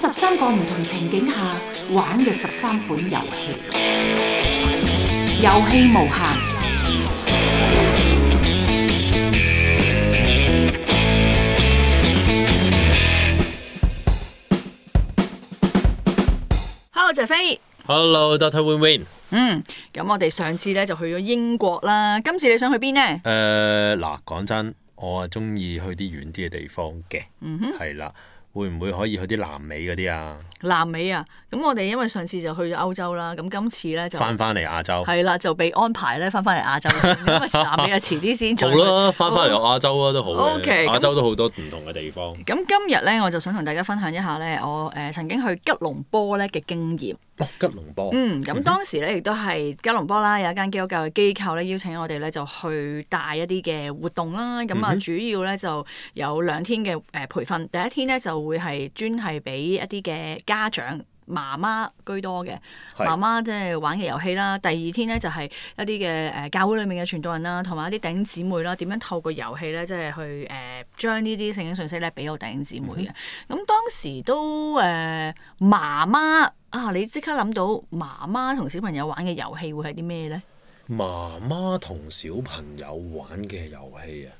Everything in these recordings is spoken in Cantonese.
十三個唔同情景下玩嘅十三款遊戲，遊戲無限。Hello，Jeffy。Hello，Doctor Win Win。嗯，咁我哋上次咧就去咗英國啦，今次你想去邊呢？誒，嗱，講真，我啊中意去啲遠啲嘅地方嘅。嗯哼，係啦。會唔會可以去啲南美嗰啲啊？南美啊，咁我哋因為上次就去咗歐洲啦，咁今次咧就翻翻嚟亞洲。係啦，就被安排咧翻翻嚟亞洲先， 因為南美啊，遲啲先做。好啦，翻翻嚟亞洲啊，都好 OK，亞洲都好多唔同嘅地方。咁今日咧，我就想同大家分享一下咧，我、呃、誒曾經去吉隆坡咧嘅經驗。吉隆坡，嗯，咁當時咧亦都係吉隆坡啦，有一間基督教嘅機構咧邀請我哋咧就去帶一啲嘅活動啦，咁啊、嗯、哼主要咧就有兩天嘅誒培訓，第一天咧就會係專係俾一啲嘅家長。媽媽居多嘅，媽媽即係玩嘅遊戲啦。是第二天咧就係一啲嘅誒教會裡面嘅傳道人啦，同埋一啲頂姊妹啦，點樣透過遊戲咧，即係去誒將呢啲聖經信息咧，俾到頂姊妹嘅。咁、嗯、當時都誒媽媽啊，你即刻諗到媽媽同小朋友玩嘅遊戲會係啲咩咧？媽媽同小朋友玩嘅遊戲啊！.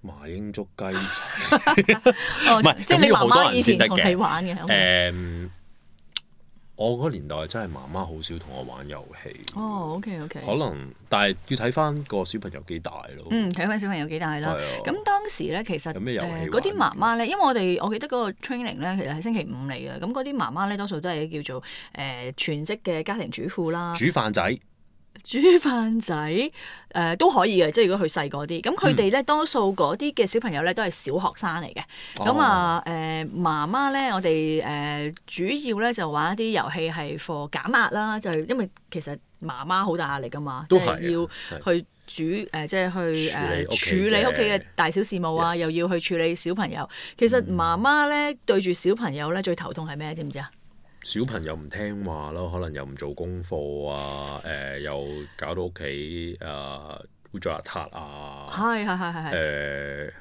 麻鷹捉雞，唔係即係你媽媽以、以前同你玩嘅？誒、okay，um, 我嗰年代真係媽媽好少同我玩遊戲。哦，OK OK。可能，但係要睇翻個小朋友幾大咯。嗯，睇翻小朋友幾大啦。係啊。咁當時咧，其實誒，嗰啲媽媽咧，因為我哋我記得嗰個 training 咧，其實係星期五嚟嘅。咁嗰啲媽媽咧，多數都係叫做誒、呃、全職嘅家庭主婦啦。煮飯仔。煮飯仔誒、呃、都可以嘅，即係如果佢細個啲，咁佢哋咧多數嗰啲嘅小朋友咧都係小學生嚟嘅。咁啊誒，媽媽咧，我哋誒、呃、主要咧就玩一啲遊戲係 for 減壓啦，就係、是、因為其實媽媽好大壓力㗎嘛，即係要去煮誒，即係的、呃就是、去誒處理屋企嘅大小事務啊，Yes. 又要去處理小朋友。其實媽媽咧、嗯、對住小朋友咧最頭痛係咩？知唔知啊？小朋友唔聽話咯，可能又唔做功課啊，誒、呃、又搞到屋企誒污糟邋遢啊，係係係係。 嗯嗯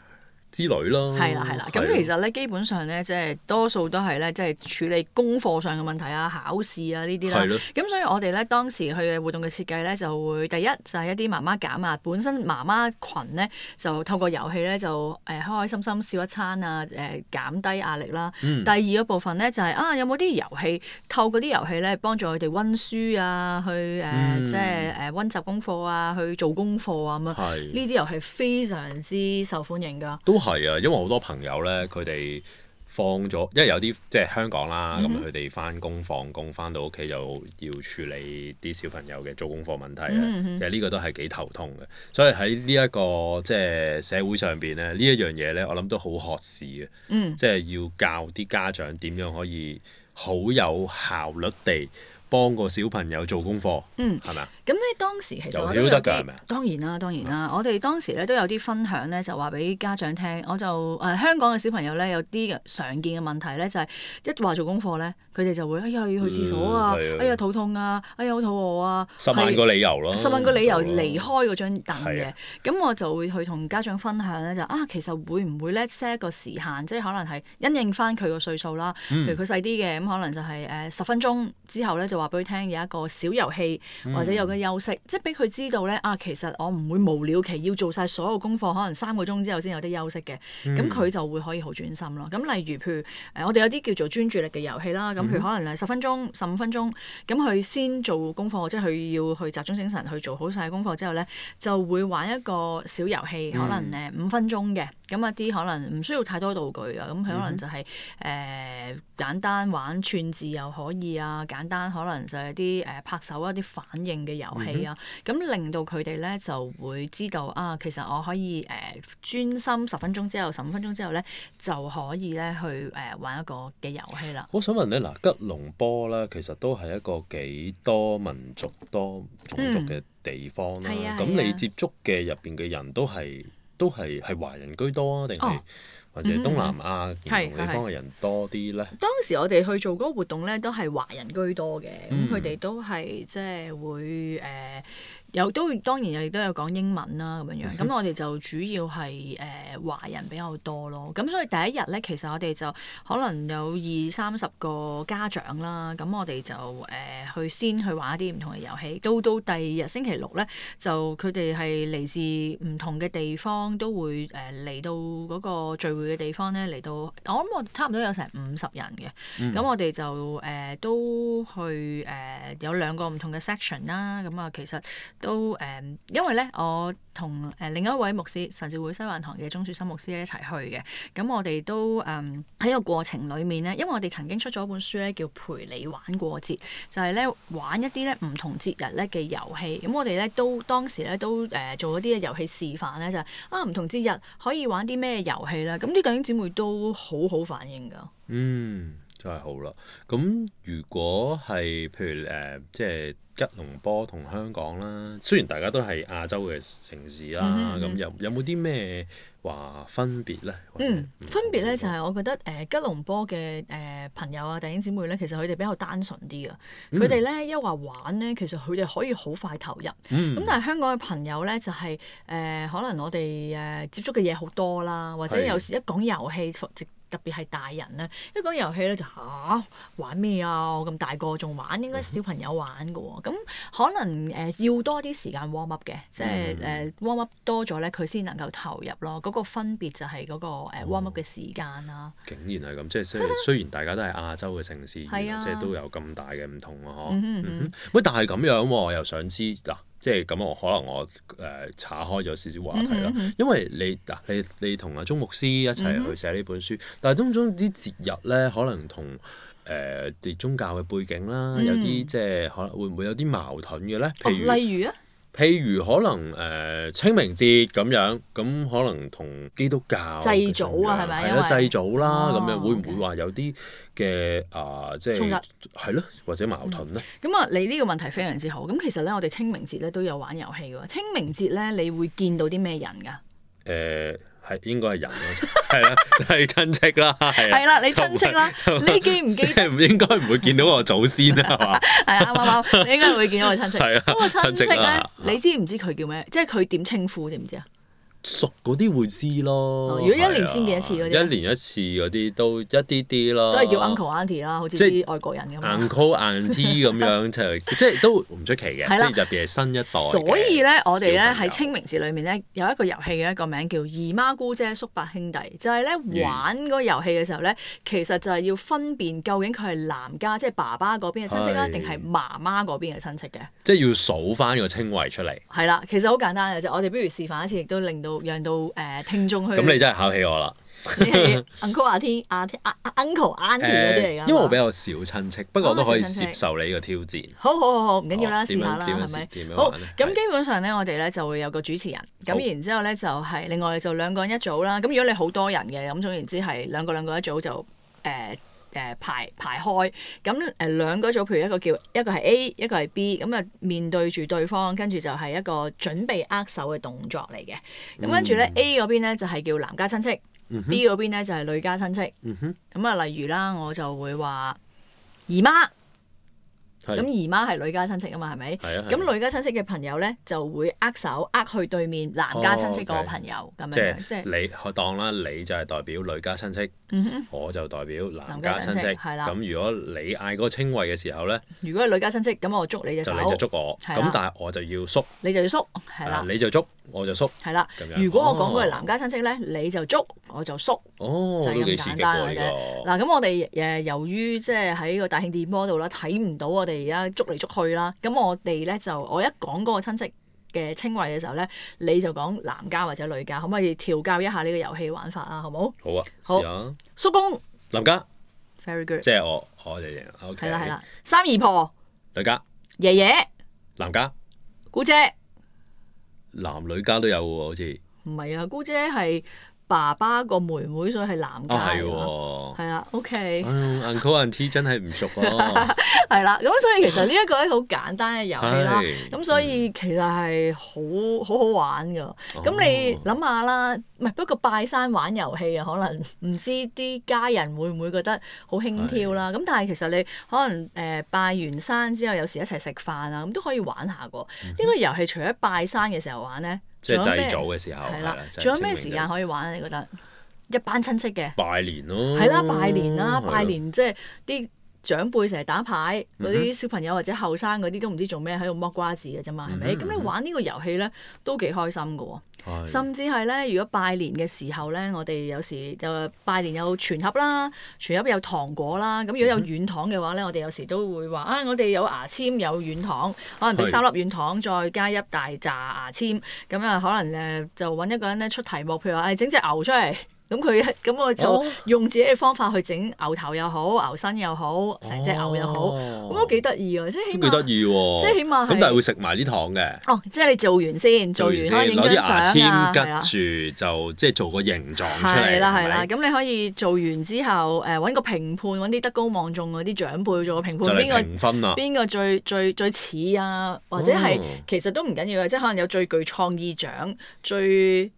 之類啦，係啦係啦。咁其實咧，基本上咧，即係多數都係咧，即係處理功課上嘅問題啊、考試啊呢啲啦。咁的所以我哋咧當時去嘅活動嘅設計咧，就會、是、第一就係一啲媽媽減壓，本身媽媽群咧就透過遊戲咧就誒開、呃、開心心笑一餐啊，誒、呃、減低壓力啦。嗯、第二個部分咧就係、是、啊，有冇啲遊戲透過啲遊戲咧幫助佢哋溫書啊，去誒、呃嗯、即係誒溫習功課啊，去做功課啊咁。係的。呢啲遊戲非常之受歡迎㗎。都係啊，因為好多朋友咧，佢哋放咗，因為有啲即係香港啦，咁佢哋翻工放工，翻到屋企就要處理啲小朋友嘅做功課問題啦。嗯、哼其實呢個都係幾頭痛嘅，所以喺呢一個即係社會上邊咧，這個、呢一樣嘢咧，我諗都好學士嘅。嗯、即係要教啲家長點樣可以好有效率地，幫個小朋友做功課，係咪、嗯？咁咧當時其實我哋當然啦，當然啦。嗯、我哋當時咧都有啲分享咧，就話俾家長聽。我就誒、呃、香港嘅小朋友咧，有啲常見嘅問題咧，就係、是、一話做功課咧，佢哋就會哎呀要去廁所啊，嗯、哎呀肚痛啊，哎呀好肚餓啊，十萬個理由咯，的十萬個理由離開嗰張凳嘅。咁的我就會去同家長分享咧，就啊其實會唔會咧 set 個時限，即係可能係因應翻佢個歲數啦。譬如佢細啲嘅，咁、嗯、可能就係誒十分鐘之後咧就。話俾佢聽，有一個小遊戲或者有個休息，嗯、即係俾佢知道咧啊！其實我唔會無了期要做晒所有功課，可能三個鐘之後先有啲休息嘅。咁佢、嗯、就會可以好專心咯。咁例如，譬如誒、呃，我哋有啲叫做專注力嘅遊戲啦。咁譬如可能係十、嗯、哼分鐘、十五分鐘，咁佢先做功課，即係佢要去集中精神去做好晒功課之後咧，就會玩一個小遊戲，嗯、可能誒五分鐘嘅。咁一啲可能唔需要太多道具噶，咁佢可能就係、是、誒、嗯、哼簡單玩串字又可以啊，簡單可。可能就係啲誒拍手一啲反應嘅遊戲啊，咁、嗯、哼令到佢哋咧就會知道啊，其實我可以誒專、呃、心十分鐘之後十五分鐘之後咧就可以咧去誒、呃、玩一個嘅遊戲啦。我想問你嗱，吉隆坡咧其實都係一個幾多民族多種族嘅地方啦，咁、嗯哎、你接觸嘅入邊嘅人都係都係係華人居多啊，定係？哦或者東南亞其他地方嘅人多啲咧？嗯嗯嗯、當時我哋去做嗰個活動咧，都係華人居多嘅，咁佢哋都係即係會誒。呃有都當然有，又亦都有講英文啦咁樣樣。咁、mm hmm. 我哋就主要係誒、呃、華人比較多咯。咁所以第一日咧，其實我哋就可能有二三十個家長啦。咁我哋就誒去、呃、先去玩一啲唔同嘅遊戲。到到第二日星期六咧，就佢哋係嚟自唔同嘅地方，都會誒嚟、呃、到嗰個聚會嘅地方咧嚟到。我諗我差唔多有成五十人嘅。咁、mm hmm. 我哋就誒、呃、都去誒、呃、有兩個唔同嘅 section 啦。咁、嗯、啊，其實～都誒、嗯，因為咧，我同誒另一位牧師，神召會西環堂嘅鍾樹森牧師一齊去嘅。咁我哋都誒喺、嗯、個過程裏面咧，因為我哋曾經出咗一本書咧，叫《陪你玩過節》，就係、是、咧玩一啲咧唔同節日咧嘅遊戲。咁我哋咧都當時咧都誒做咗啲嘅遊戲示範咧，就係、是、啊唔同節日可以玩啲咩遊戲啦。咁啲弟兄姊妹都好好反應㗎。嗯。都係好啦。咁如果係譬如誒、呃，即係吉隆坡同香港啦，雖然大家都係亞洲嘅城市啦，咁、mm hmm. 有有冇啲咩話分別咧？Mm hmm. 嗯，分別咧就係、是、我覺得誒、呃、吉隆坡嘅誒、呃、朋友啊、弟兄姊妹咧，其實佢哋比較單純啲啊。佢哋咧一話玩咧，其實佢哋可以好快投入。嗯、mm。咁、hmm. 但係香港嘅朋友咧，就係、是、誒、呃、可能我哋誒、呃、接觸嘅嘢好多啦，或者有時一講遊戲特別係大人咧，一講遊戲咧就嚇、啊、玩咩啊！我咁大個仲玩，應該小朋友玩嘅喎。咁、嗯、哼可能誒、呃、要多啲時間 warmup 嘅，即係誒、呃、warmup 多咗咧，佢先能夠投入咯。嗰、那個分別就係嗰個誒 warmup 嘅時間啦、哦。竟然係咁，即係即係雖然大家都係亞洲嘅城市，即係、啊、都有咁大嘅唔同喎，嗬。喂，但係咁樣喎，我又想知嗱。即係咁，我可能我誒岔、呃、開咗少少話題啦。嗯、哼哼因為你嗱，你你同阿鐘牧師一齊去寫呢本書，嗯、哼但係中唔中啲節日咧，可能同誒哋宗教嘅背景啦，嗯、有啲即係可能會唔會有啲矛盾嘅咧？譬如、哦、例如啊。譬如可能誒、呃、清明節咁樣，咁可能同基督教祭祖啊，係咪？係咯對，為祭祖啦，咁樣、哦、會唔會話有啲嘅啊？即係重係咯，或者矛盾咧？咁啊、嗯，你呢個問題非常之好。咁其實咧，我哋清明節咧都有玩遊戲㗎。清明節咧，你會見到啲咩人㗎？誒、呃。係應該係人，係啦 了，係親戚啦，係啦，你親戚啦，你記唔記？唔 應該唔會見到我祖先啊。係嘛 是吧？係 啊， 你應該唔會見到我親戚。咁我 了親戚咧，戚你知唔知佢叫咩？ 即係佢點稱呼？知唔知啊？熟嗰啲會知咯，如果一年先見一次嗰啲，一年一次嗰啲都一啲啲咯，都係叫 uncle auntie 啦，好似啲外國人咁啊，uncle auntie 咁樣就即係都唔出奇嘅，即係入面係新一代。所以咧，我哋咧喺清明節裏面咧有一個遊戲，一個名叫姨媽姑姐叔伯兄弟，就係咧玩嗰個遊戲嘅時候咧，其實就係要分辨究竟佢係男家即係爸爸嗰邊嘅親戚啦，定係媽媽嗰邊嘅親戚嘅，即係要數翻個稱謂出嚟。係啦，其實好簡單嘅啫，我哋不如示範一次，亦都令到。讓到誒、呃、聽眾去。咁、嗯、你真係考起我啦！你係 Uncle 阿添阿 Uncle 阿 T 嗰啲嚟㗎。因為我比較少親戚，啊、不過我都可以接受你呢個挑戰。啊、好好好好，唔緊要啦，好試下啦，係咪樣？好咁，基本上咧，我哋咧就會有個主持人。咁好然之後咧，就係、是、另外就兩個人一組啦。咁如果你好多人嘅，咁總言之係兩個兩個一組就誒。呃誒排排開，咁誒、呃、兩個組，譬如一個叫一個係 A，一個係 B，咁啊面對住對方，跟住就係一個準備握手嘅動作嚟嘅。咁跟住咧、mm hmm. A 嗰邊咧就係、係、叫男家親戚、mm hmm.，B 嗰邊咧就係、係、女家親戚。咁啊、mm，hmm. 就例如啦，我就會話姨媽。咁姨媽係女家親戚啊嘛，係咪？咁女家親戚嘅朋友咧，就會握手握去對面男家親戚個朋友咁樣。即係你當啦，你就係代表女家親戚，我就代表男家親戚。咁如果你嗌個稱謂嘅時候咧，如果係女家親戚，咁我捉你隻手。你就捉我，咁但係我就要縮。你就要縮，係啦。你就捉，我就縮。係啦。咁樣。如果我講嗰個係男家親戚咧，你就捉，我就縮。哦。都幾簡單嘅啫。嗱，咁我哋誒由於即係喺個大氣電波度啦，睇唔到我哋。嚟啊，捉嚟捉去啦！咁我哋咧就，我一講嗰個親戚嘅稱謂嘅時候咧，你就講男家或者女家，可唔可以調教一下呢個遊戲玩法啊？好唔好？好啊，好啊，叔公，男家，Very good，即係我我哋贏，ok，係啦係啦，三姨婆，女家，爺爺，男家，姑姐，男女家都有喎，好似唔係啊，姑姐係。爸爸個妹妹，所以係男家。係喎、哦，係啊、哦、OK。Uncle Auntie 真係唔熟咯。係啦，咁所以其實呢一個係好簡單嘅遊戲啦。咁的所以其實係好好好玩㗎。咁你諗下啦，唔係、哦、不過拜山玩遊戲啊，可能唔知啲家人會唔會覺得好輕佻啦。咁的但係其實你可能誒、呃、拜完山之後，有時一齊食飯啊，咁都可以玩下喎。呢、嗯、哼個遊戲除咗拜山嘅時候玩咧。即係祭祖嘅時候，係啦。仲有咩時間可以玩啊、就是？你覺得一班親戚嘅拜年咯、啊，係啦，拜年啦、啊，了拜年即係啲。長輩成日打牌，嗰啲、mm hmm. 小朋友或者後生嗰啲都唔知做咩喺度剝瓜子嘅啫嘛，係咪？咁、mm hmm. 你玩呢個遊戲咧都幾開心㗎喎，mm hmm. 甚至係咧，如果拜年嘅時候咧，我哋有時就拜年有全盒啦，全盒有糖果啦，咁如果有軟糖嘅話咧，mm hmm. 我哋有時都會話啊，我哋有牙籤有軟糖，可能俾三粒軟糖，再加一大扎牙籤，咁啊、mm hmm. 可能誒就搵一個人咧出題目，譬如話誒整隻牛出嚟。咁佢咁我就用自己嘅方法去整牛頭又好，牛身又好，成隻牛又好，咁都幾得意㗎，即係起碼幾得意喎！即係起碼咁，碼但係會食埋啲糖嘅。哦，即係你做完先，做完啦，影完張相㗎，住、啊、就即係做個形狀出嚟。係啦係啦，咁是你可以做完之後，誒、呃、揾個評判，揾啲德高望重嗰啲長輩做個評判，邊個邊個最最最似啊？或者係、哦、其實都唔緊要嘅，即係可能有最具創意獎、最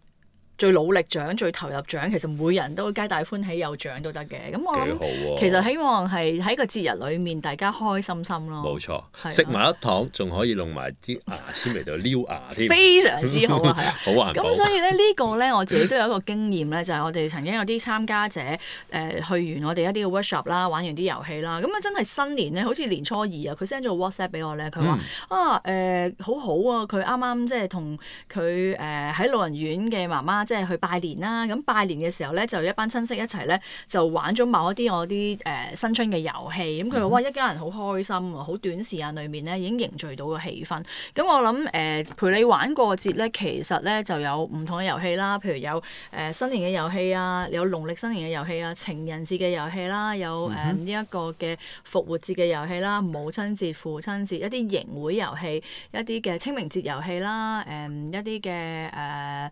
最努力獎、最投入獎，其實每人都皆大歡喜有獎都得嘅。咁我諗，啊、其實希望係喺個節日裏面，大家開心心咯。冇錯，食埋、啊、一糖，仲可以弄埋啲牙籤嚟到撩牙添。 非常之好啊！係啊，好啊。咁所以咧，呢個、呢個咧我自己都有一個經驗咧， 就係我哋曾經有啲參加者誒、呃、去完我哋一啲嘅 workshop 啦，玩完啲遊戲啦，咁啊真係新年咧，好似年初二、嗯、啊，佢 send 咗個 WhatsApp 俾我咧，佢話啊誒好好啊，佢啱啱即係同佢誒喺老人院嘅媽媽。即係去拜年啦，咁拜年嘅時候呢，就一班親戚一齊呢，就玩咗某一啲我啲誒新春嘅遊戲。咁佢話：哇，一家人好開心，好短時間裏面呢已經凝聚到個氣氛。咁我諗誒、呃，陪你玩過節呢，其實呢就有唔同嘅遊戲啦，譬如有誒、呃、新年嘅遊戲啊，有農曆新年嘅遊戲啊，情人節嘅遊戲啦、啊，有誒呢一個嘅復活節嘅遊戲啦、啊，母親節、父親節一啲迎會遊戲，一啲嘅清明節遊戲啦、啊，誒、嗯、一啲嘅誒。呃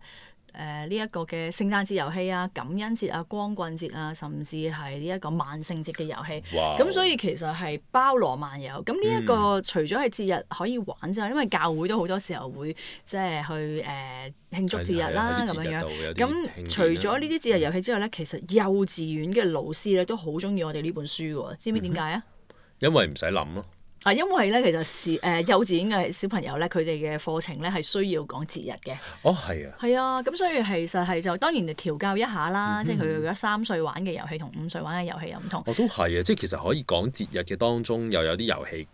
誒呢一個嘅聖誕節遊戲啊、感恩節啊、光棍節啊，甚至係呢一個萬聖節嘅遊戲，咁 Wow. 所以其實係包羅萬有。咁呢一個除咗係節日可以玩之外，嗯、因為教會都好多時候會即係去誒慶祝節日啦咁樣樣。咁、啊、除咗呢啲節日遊戲之外咧，其實幼稚園嘅老師咧都好中意我哋呢本書喎，知唔知點解啊？ 因為唔使諗咯。啊，因為咧，其實是誒幼稚園嘅小朋友咧，佢哋嘅課程咧係需要講節日嘅。哦，係啊。係啊，咁所以其實係就當然就調教一下啦，嗯、哼即係佢如果三歲玩嘅遊戲同五歲玩嘅遊戲又唔同。哦，都係啊，即係其實可以講節日嘅當中又有啲遊戲。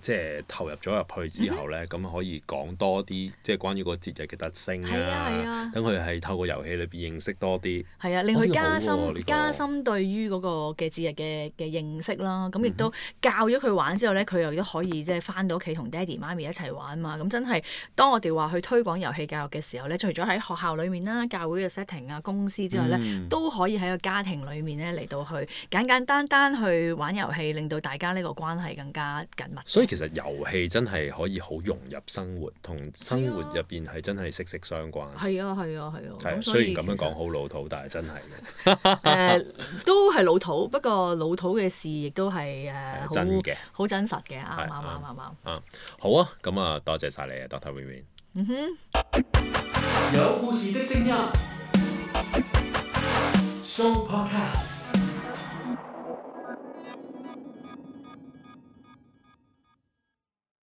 即係投入咗入去之後咧，咁、mm hmm. 可以講多啲，即係關於個節日嘅特徵啊。等佢係透過遊戲裏邊認識多啲。係啊，令佢加深加深對於嗰個嘅節日嘅嘅認識啦。咁亦都教咗佢玩之後咧，佢又都可以即係返到屋企同爹哋媽咪一齊玩嘛。咁真係當我哋話去推廣遊戲教育嘅時候咧，除咗喺學校裏面啦、教會嘅 setting 啊、公司之外咧，mm hmm. 都可以喺個家庭裏面咧嚟到去簡簡單單單去玩遊戲，令到大家呢個關係更加緊密。所以其實遊戲真係可以好融入生活，同生活入邊係真係息息相關。係啊，係啊，係啊。係、啊，啊、雖然咁樣講好老土，實但係真係嘅、呃。都係老土，不過老土嘅事亦都係真嘅的，好真實嘅，啱啱啱啱啱。啊，啊，好啊，咁啊，多謝晒你啊，Doctor William。嗯哼。有故事的聲音。